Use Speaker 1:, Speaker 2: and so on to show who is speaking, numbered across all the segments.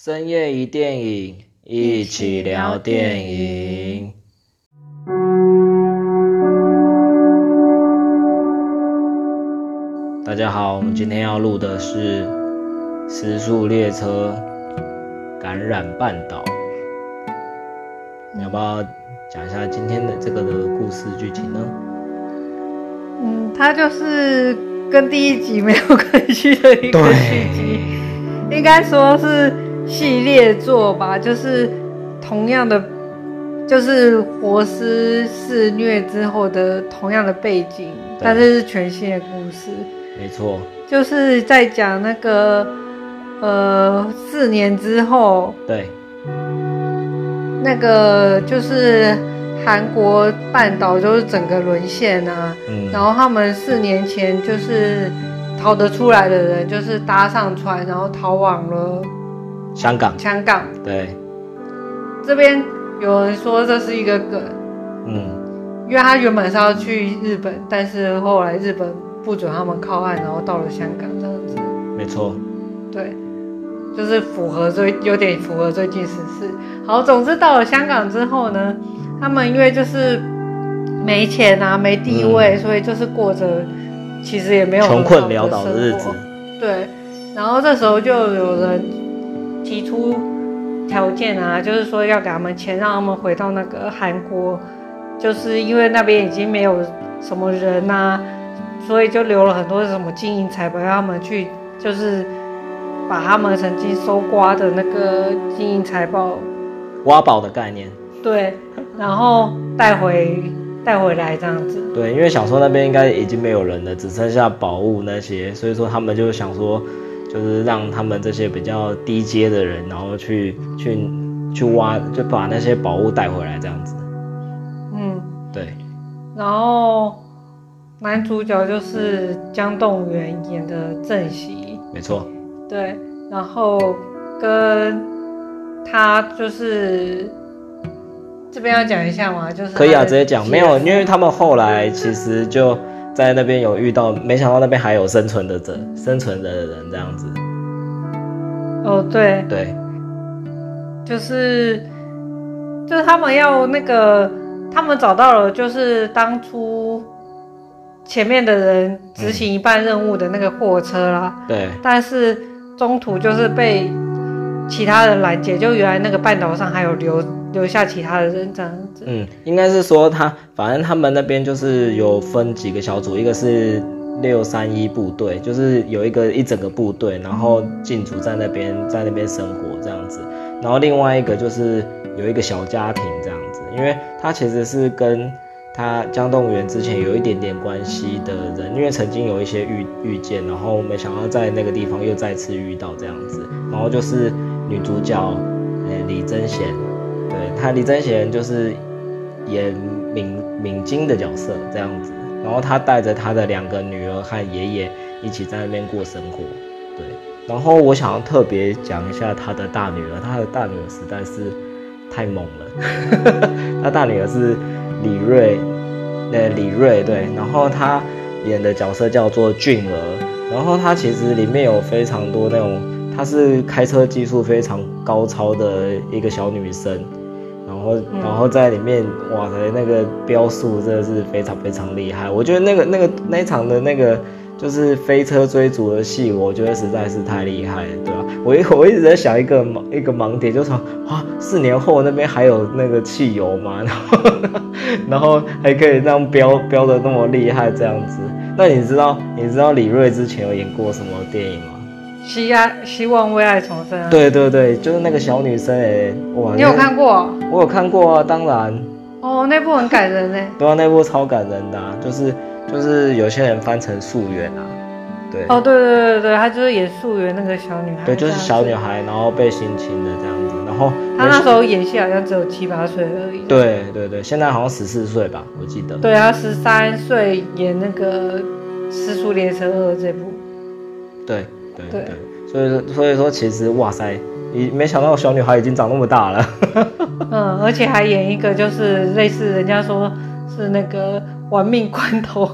Speaker 1: 深夜一電影，一起聊電影。嗯、大家好，我們今天要錄的是《屍速列車：感染半島》。你要不要講一下今天的這個的故事劇情呢？嗯，
Speaker 2: 它就是跟第一集沒有關係的一個續集，應該說是。系列作吧，就是同樣的，就是活屍肆虐之後的同樣的背景，但是是全新的故事。沒錯，就是在講那個，呃，四年之後，對，那個就是韓國半島就是整個淪陷啊，嗯，然後他們四年前就是逃得出來的人，就是搭上船然後逃亡了。香港，香港對，對，這邊有人說這是一個梗，嗯，因為他原本是要去日本，但是後來日本不准他們靠岸，然後到了香港這樣子，沒錯，對，就是符合最有點符合最近時事。好，總之到了香港之後呢，他們因為就是沒錢啊，沒地位，嗯，所以就是過着其實也沒有窮困潦倒的日子，對，然後這時候就有人。提出條件啊，就是說要給他們錢，讓他們回到那個韓國，就是因為那邊已經沒有什麼人吶啊，所以就留了很多什麼金銀財寶，讓他們去，就是把他們曾經搜刮的那個金銀財寶，
Speaker 1: 挖寶的概念，
Speaker 2: 對，然後帶回帶回來這樣子，
Speaker 1: 對，因為想說那邊應該已經沒有人了，只剩下寶物那些，所以說他們就想說。就是讓他們這些比較低階的人，然後去去去挖，就把那些寶物帶回來這樣子。嗯，對。
Speaker 2: 然後男主角就是姜棟元演的政錫，沒錯。對，然後跟他就是這邊要講一下嗎？就是可以啊，直接講，沒有，
Speaker 1: 因為他們後來其實就。在那邊有遇到，沒想到那邊還有生存的者、生存的人這樣子。
Speaker 2: 哦，對對，就是就是他們要那個，他們找到了，就是當初前面的人執行一半任務的那個貨車啦、嗯。對，但是中途就是被、嗯。其他人來解救原來那個半島上還有留留下其他的人這樣子，嗯，
Speaker 1: 應該是說他反正他們那邊就是有分幾個小組，一個是631部隊，就是有一個一整個部隊，然後進駐在那邊，在那邊生活這樣子，然後另外一個就是有一個小家庭這樣子，因為他其實是跟他姜棟元之前有一點點關係的人，因為曾經有一些遇遇見，然後沒想到在那個地方又再次遇到這樣子，然後就是。女主角，呃、欸，李貞賢，對她，李貞賢就是演敏敏晶的角色這樣子。然後她帶着她的兩個女兒和爺爺一起在那邊過生活，對。然後我想要特別講一下她的大女兒，她的大女兒實在是太猛了，她 大女兒是李瑞，呃、欸，李瑞，對。然後她演的角色叫做俊兒。然後她其實裡面有非常多那種。她是開車技術非常高超的一個小女生，然後、嗯、然後在裡面哇塞，那個飆速真的是非常非常厲害。我覺得那個那個那一場的那個就是飛車追逐的戲，我覺得實在是太厲害了，對吧、啊？我我一直在想一個盲一個盲點，就是說哇，四年後那邊還有那個汽油嗎？然後， 然後還可以讓飆飆的那麼厲害這樣子。那你知道你知道李瑞之前有演過什麼電影嗎？
Speaker 2: 希呀，希望為愛重生、啊。
Speaker 1: 對對對，就是那個小女生哎、欸，我，你有看過？我有看過啊，當然。哦，
Speaker 2: 那部很感人哎、
Speaker 1: 欸。對啊，那部超感人的、啊，就是就是有些人翻成素媛啊。對哦，對
Speaker 2: 對對對，她就是演素媛那個小女孩。對，就是小女
Speaker 1: 孩，然後被性侵的這樣子，然後她那時候
Speaker 2: 演戲好像只有七八歲而
Speaker 1: 已是是。對對對，現在好像十四歲吧，我記得。對啊，
Speaker 2: 十三歲演那個《失足列車二》這部。
Speaker 1: 對。對，對，所以，所以說所以說，其實哇塞，沒沒想到小女孩已經長那麼大了，
Speaker 2: 嗯，而且還演一個就是類似人家說是那個玩命關頭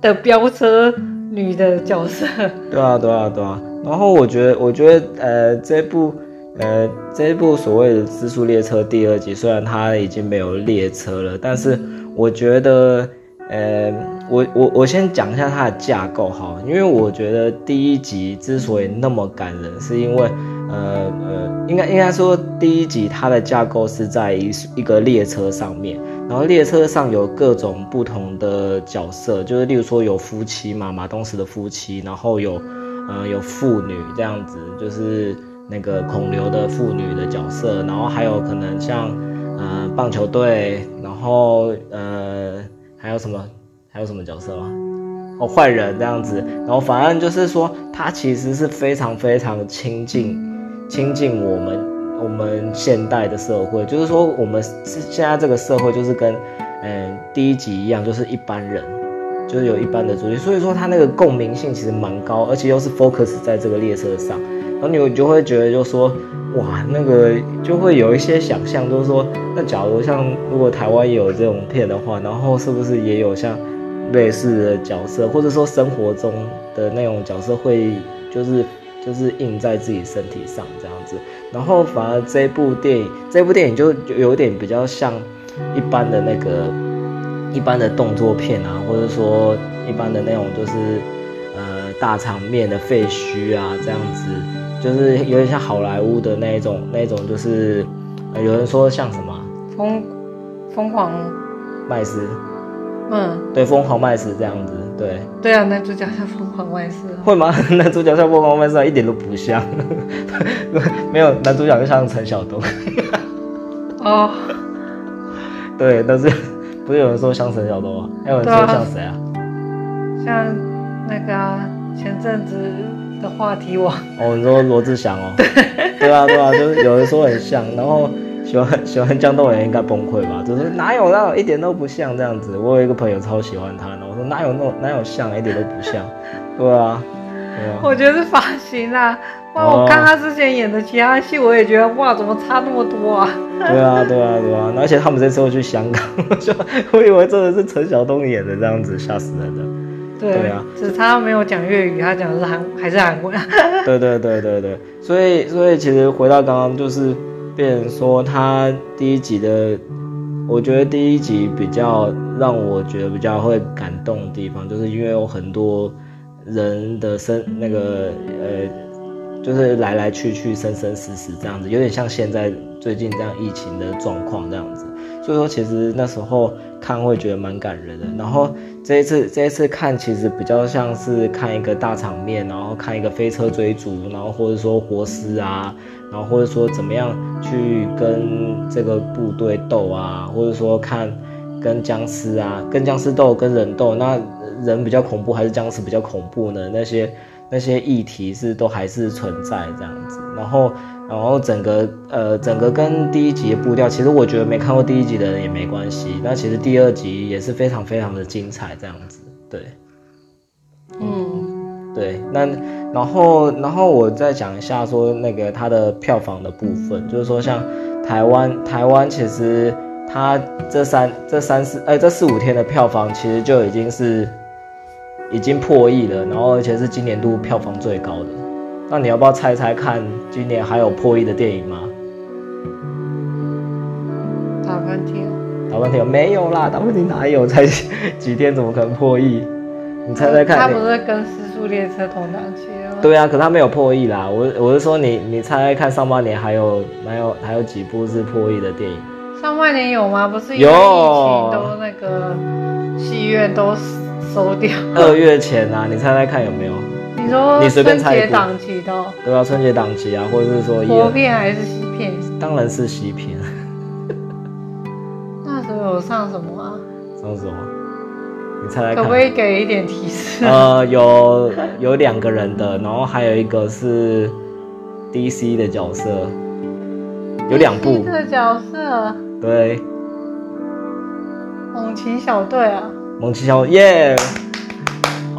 Speaker 2: 的飆車女的角色。
Speaker 1: 對啊對啊對啊，然後我覺得我覺得呃這一部呃這一部所謂的《屍速列車》第二集，雖然它已經沒有列車了，但是我覺得呃。我我我先講一下它的架構哈，因為我覺得第一集之所以那麼感人，是因為，呃呃，應該應該說第一集它的架構是在一一個列車上面，然後列車上有各種不同的角色，就是例如說有夫妻嘛，馬東石的夫妻，然後有，呃、有婦女這樣子，就是那個孔劉的婦女的角色，然後還有可能像，呃棒球隊，然後呃還有什麼？還有什麼角色嗎？哦，壞人這樣子，然後反正就是說，他其實是非常非常親近，親近我們我們現代的社會，就是說我們現在這個社會就是跟嗯第一集一樣，就是一般人，就是有一般的主題。所以說他那個共鳴性其實蠻高，而且又是 focus 在這個列車上，然後你就會覺得就說哇那個就會有一些想象，就是說那假如像如果台灣也有這種片的話，然後是不是也有像。類似的角色，或者說生活中的那種角色，會就是就是印在自己身體上這樣子。然後反而這部電影，這部電影就有點比較像一般的那個一般的動作片啊，或者說一般的那種就是呃大場面的廢墟啊這樣子，就是有點像好萊塢的那一種那一種就是，呃，有人說像什麼
Speaker 2: 瘋瘋狂
Speaker 1: 麥斯。嗯，對，瘋狂麥斯這樣子，對，
Speaker 2: 對啊，男主角像瘋狂麥斯，
Speaker 1: 會嗎？男主角像瘋狂麥斯、啊，一點都不像， 沒有，男主角就像陳曉東， 哦，對，但是不是有人說像陳曉東啊？啊還有人說像誰
Speaker 2: 啊？像那個、啊、前陣子的話題
Speaker 1: 王哦，你說羅志祥哦？對，對啊，對啊，就是有人說很像， 然後。喜歡喜歡姜棟元應該崩潰吧？就是哪有那一點都不像這樣子。我有一個朋友超喜歡他，然後我說哪有那哪有像，一點都不像， 對，啊對啊，我
Speaker 2: 覺得是髮型啊，哇、哦！我看他之前演的其他戲，我也覺得哇，怎麼差那麼多啊？對
Speaker 1: 啊，對啊，對啊！對啊，而且他們這次我去香港，就 我以為真的是陳曉東演的這樣子，嚇死人的。對，對啊，
Speaker 2: 只是他沒有講粵語，他講的是韓還是韓國？ 對，
Speaker 1: 對對對對對，所以所以其實回到剛剛就是。說他第一集的，我覺得第一集比較讓我覺得比較會感動的地方，就是因為有很多人的生那個呃，就是來來去去生生死死這樣子，有點像現在最近這樣疫情的狀況這樣子。所以說，其實那時候看會覺得蠻感人的。然後這一次，這一次看其實比較像是看一個大場面，然後看一個飛車追逐，然後或者說活屍啊，然後或者說怎麼樣去跟這個部隊鬥啊，或者說看跟殭屍啊、跟殭屍鬥、跟人鬥，那人比較恐怖還是殭屍比較恐怖呢？那些那些議題是都還是存在這樣子。然後。然後整個呃，整個跟第一集的步調，其實我覺得沒看過第一集的人也沒關係。那其實第二集也是非常非常的精彩，這樣子，對，嗯，對。那然後然後我再講一下說那個它的票房的部分，嗯、就是說像台灣台灣其實它這三這三四哎這四五天的票房其實就已經是已經破億了，然後而且是今年度票房最高的。那你要不要猜猜看，今年還有破億的電影嗎？大問題。大問題沒有啦，大問題哪有？才幾天，怎麼可能破億？你猜猜看。嗯。他不是
Speaker 2: 跟《屍速列車》同
Speaker 1: 檔期的嗎？對啊，可他沒有破億啦。我我是說你，你你猜猜看，上半年還有還有還有幾部是破億的電影？
Speaker 2: 上半年有嗎？不是有？疫情
Speaker 1: 都那個戲院都收掉。 二月前啊，你猜猜看有沒有？
Speaker 2: 你隨便猜檔
Speaker 1: 期都對啊，春節檔期啊，或者是說國、yeah, 片還是西片？當然是西片。
Speaker 2: 那時候有上什麼啊？
Speaker 1: 上什麼？你猜猜看？可不可以
Speaker 2: 給一點提示？呃，
Speaker 1: 有有兩個人的，然後還有一個是 D C 的角色，有兩部 DC 的
Speaker 2: 角色。對，猛禽小隊啊！
Speaker 1: 猛禽小隊，耶、yeah!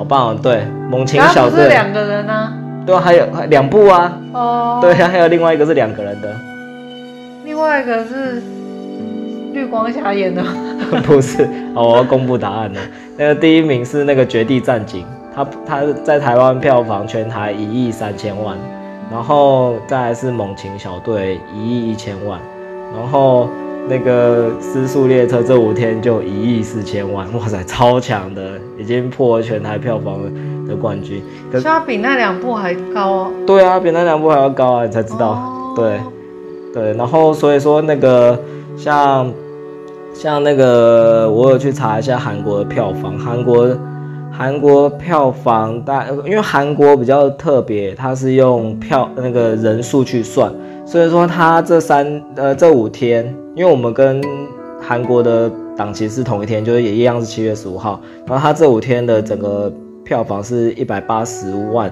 Speaker 1: 好棒、哦、對，猛禽小隊。兩
Speaker 2: 個人、
Speaker 1: 啊、對，還有兩部啊。哦、呃。對，還有另外一個是兩個人的。另
Speaker 2: 外一個是綠光俠演的。
Speaker 1: 不是，好，我要公布答案了。 那個第一名是那個《絕地戰警》他，他他在台灣票房全台一億三千萬，然後再來是《猛禽小隊》一億一千萬，然後。那個《屍速列車》這五天就一億四千萬，哇塞，超強的，已經破了全台票房的冠軍。可是它
Speaker 2: 比那兩部還高
Speaker 1: 哦、啊。對啊，比那兩部還要高啊，你才知道。Oh. 對，對，然後所以說那個像像那個，我有去查一下韓國的票房，韓國韓國票房大，因為韓國比較特別，它是用票那個人數去算。所以說，他這三呃這五天，因為我們跟韓國的檔期是同一天，就是也一樣是七月十五號。然後他這五天的整個票房是一百八十萬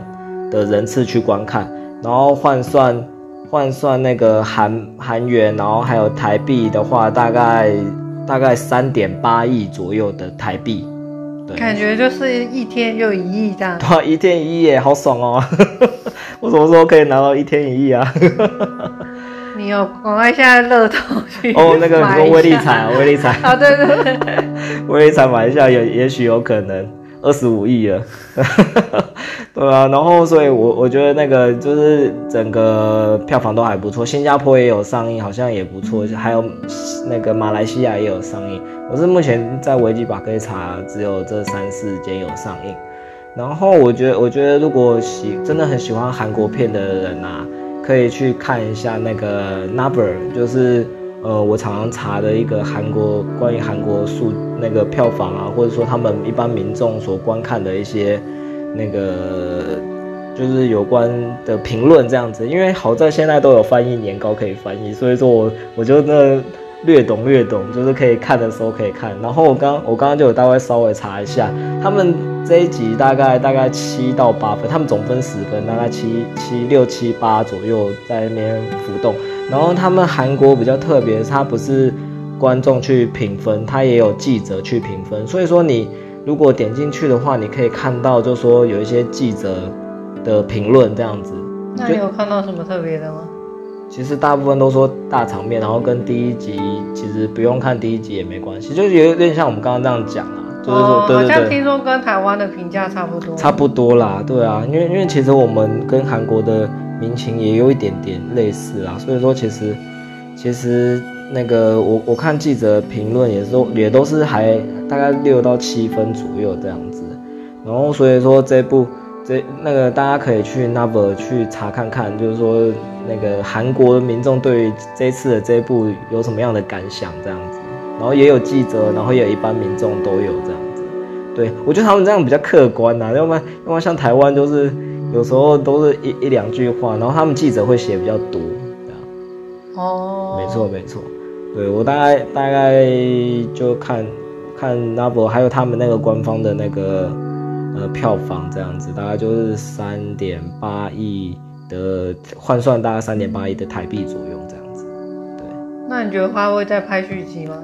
Speaker 1: 的人次去觀看，然後換算換算那個韓韓元，然後還有台幣的話，大概大概三點八億左右的台幣。
Speaker 2: 感覺就是一天又一億
Speaker 1: 這樣，對、啊、一天一億，好爽哦、喔！ 我什麼時候可以拿到一天一億啊？
Speaker 2: 你有趕快現在樂透去哦，那個跟威力彩，威力彩好對對
Speaker 1: 對，威力彩買一下也也許有可能二十五億了， 對啊，然後所以我我覺得那個就是整個票房都還不錯，新加坡也有上映，好像也不錯、嗯，還有那個馬來西亞也有上映。我是目前在維基百科查，只有這三四間有上映。然後我覺得，我覺得如果喜真的很喜歡韓國片的人吶、啊，可以去看一下那個 number，就是呃，我常常查的一個韓國關於韓國數那個票房啊，或者說他們一般民眾所觀看的一些那個就是有關的評論這樣子。因為好在現在都有翻譯年糕可以翻譯，所以說我我覺得。略懂略懂，就是可以看的時候可以看。然後我剛我剛剛就有大概稍微查一下，他們這一集大概大概七到八分，他們總分十分，大概七七六七八左右在那邊浮動。然後他們韓國比較特別，他不是觀眾去評分，他也有記者去評分。所以說你如果點進去的話，你可以看到就說有一些記者的評論這樣子。那你有
Speaker 2: 看到什麼特別的嗎？
Speaker 1: 其實大部分都說大場面，然後跟第一集其實不用看第一集也沒關係，就是有點像我們剛剛這樣講啊，哦，就是說對對對，好像聽
Speaker 2: 說跟台灣的評價差不多，差不
Speaker 1: 多啦，對啊，因為因為其實我們跟韓國的民情也有一點點類似啊，所以說其實其實那個我我看記者評論也是也都是還大概六到七分左右這樣子，然後所以說這部這那個大家可以去 Naver 去查看看，就是說。那個韓國民眾對於這一次的這部有什麼樣的感想？這樣子，然後也有記者，然後也有一般民眾都有這樣子。對，我覺得他們這樣比較客觀啊，要不然要不然像台灣就是有時候都是一一兩句話，然後他們記者會寫比較多哦、
Speaker 2: oh.，沒錯
Speaker 1: 沒錯。對，我大概大概就看看 Naver 還有他們那個官方的那個、呃、票房這樣子，大概就是三點八億。的換算大概三點八億的台幣左右，這樣子。
Speaker 2: 對，那你覺得花會再拍續集嗎？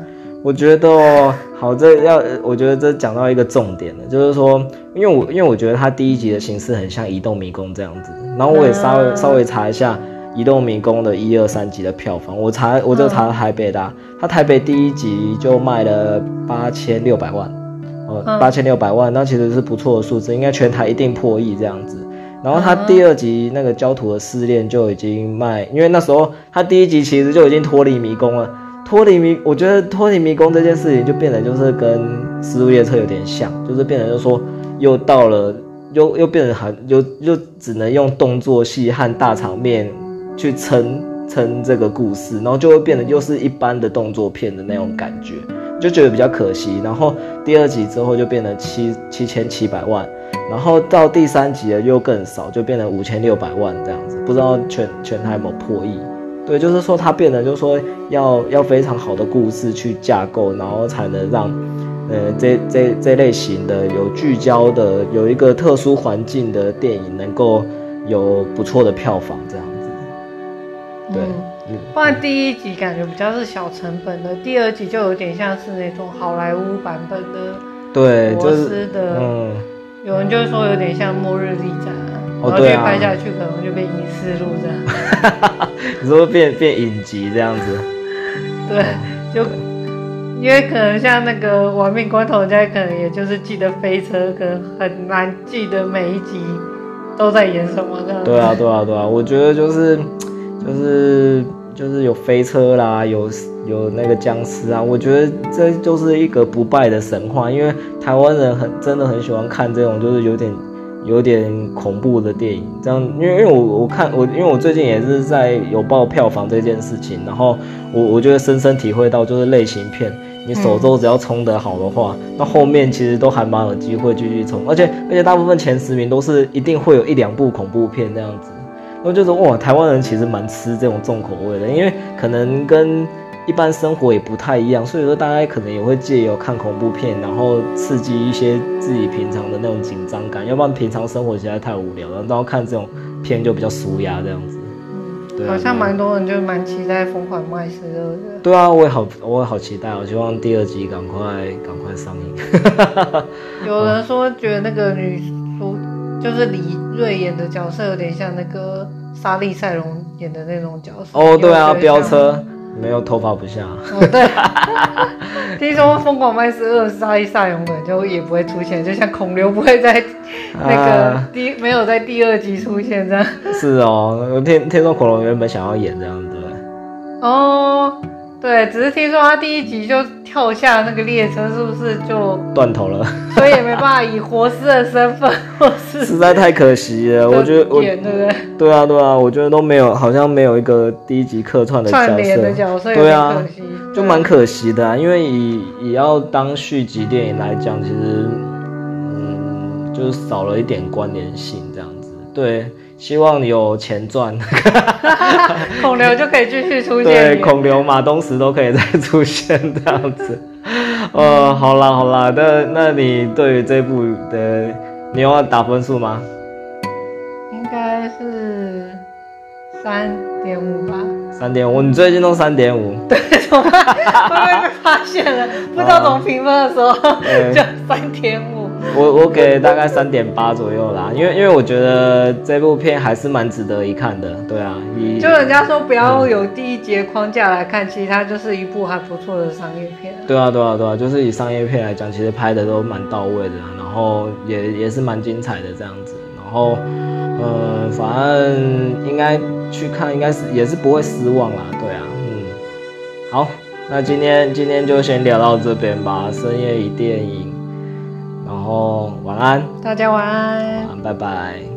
Speaker 1: 我覺得哦，好，這要我覺得這講到一個重點了，就是說，因為我因為我覺得他第一集的形式很像《移動迷宮》這樣子，然後我也稍微、啊、稍微查一下《移動迷宮》的一二三集的票房，我查我就查了台北的，他、嗯、台北第一集就賣了八千六百萬，哦、嗯，八千六百萬，那其實是不錯的數字，應該全台一定破億這樣子。然後他第二集那個焦土的試煉就已經賣，因為那時候他第一集其實就已經脫離迷宮了，脫離迷，我覺得脫離迷宮這件事情就變得就是跟《屍速列車》有點像，就是變得就是說又到了，又又變得很又又只能用動作戲和大場面去撐撐這個故事，然後就會變得又是一般的動作片的那種感覺，就覺得比較可惜。然後第二集之後就變成七七千七百萬。然後到第三集了又更少，就變成五千六百萬這樣子，不知道全全台有沒有破億。對，就是說它變得就是說要要非常好的故事去架構，然後才能讓，呃，這這這類型的有聚焦的有一個特殊環境的電影能夠有不錯的票房這樣子。
Speaker 2: 對，不然，嗯、嗯、嗯、第一集感覺比較是小成本的，第二集就有點像是那種好萊塢版本的，對，就是的。呃有人就會說有點像末日逆戰、哦，然後越拍下去、啊、可能就被隱私錄這樣，
Speaker 1: 你說變變影集這樣子？
Speaker 2: 對，哦、就因為可能像那個玩命關頭，人家可能也就是記得飛車，可能很難記得每一集都在演什麼這樣。對啊，
Speaker 1: 對啊，對啊，我覺得就是就是。就是有飛車啦，有有那個殭屍啊，我覺得這就是一個不敗的神話，因為台灣人很真的很喜歡看這種就是有點有點恐怖的電影，這樣，因為因為我我看我因為我最近也是在有報票房這件事情，然後我我就會深深體會到，就是類型片你首周只要衝得好的話、嗯，那後面其實都還蠻有機會繼續衝，而且而且大部分前十名都是一定會有一兩部恐怖片這樣子。然後就是哇，台灣人其實蠻吃這種重口味的，因為可能跟一般生活也不太一樣，所以說大家可能也會借由看恐怖片，然後刺激一些自己平常的那種緊張感，要不然平常生活實在太無聊了，然後看這種片就比較舒壓這樣子。嗯啊、好像蠻
Speaker 2: 多人就蠻期
Speaker 1: 待《瘋狂麥斯的。對啊，我也好，我也好期待，我希望第二集趕快趕快上映。
Speaker 2: 有人說覺得那個女。嗯就是李瑞演的角色有點像那個莎莉·賽龍演的那種角
Speaker 1: 色哦，對啊，飆車沒有頭髮不像、
Speaker 2: 哦。對， 聽說《瘋狂麥斯二》莎莉的·賽龍本就也不會出現，就像孔劉不會在
Speaker 1: 那個、啊、
Speaker 2: 第沒有在第二集出現這樣。
Speaker 1: 是哦，天天說恐龍原本想要演這樣子
Speaker 2: 哦。對，只是聽說他第一集就跳下那個列車，是不是就
Speaker 1: 斷頭了？
Speaker 2: 所以也沒辦法以活屍的身份，
Speaker 1: 實在太可惜了。我覺得我， 對啊，對啊，我覺得都沒有，好像沒有一個第一集客串的角色，角色，對啊，對啊，就蠻可惜的啊。因為以以要當續集電影來講，其實嗯，就是少了一點關聯性，這樣子。對，希望有錢賺，
Speaker 2: 孔劉就可以繼續出現。對，孔
Speaker 1: 劉、馬東石都可以再出現這樣子。哦、 呃，好啦好啦，那那你對於這部的，你用要打分數嗎？
Speaker 2: 應該是三點五吧。
Speaker 1: 三點五，你最近都三點五。 對，怎麼
Speaker 2: 會不會被發現了？ 不知道怎麼評分的時候，啊、 就三點五。
Speaker 1: 我我給大概三點八左右啦，因為因為我覺得這部片還是蠻值得一看的，對啊以，就人
Speaker 2: 家說不要有第一集框架來看，嗯，其實它就是一部還不錯的商
Speaker 1: 業片，啊。對啊對啊對啊，就是以商業片來講，其實拍得都蠻到位的，然後也也是蠻精彩的這樣子，然後嗯、呃，反正應該去看應，應該是也是不會失望啦，對啊，嗯，好，那今天今天就先聊到這邊吧，深夜一電影。哦，晚安，大家晚安，晚安，拜拜。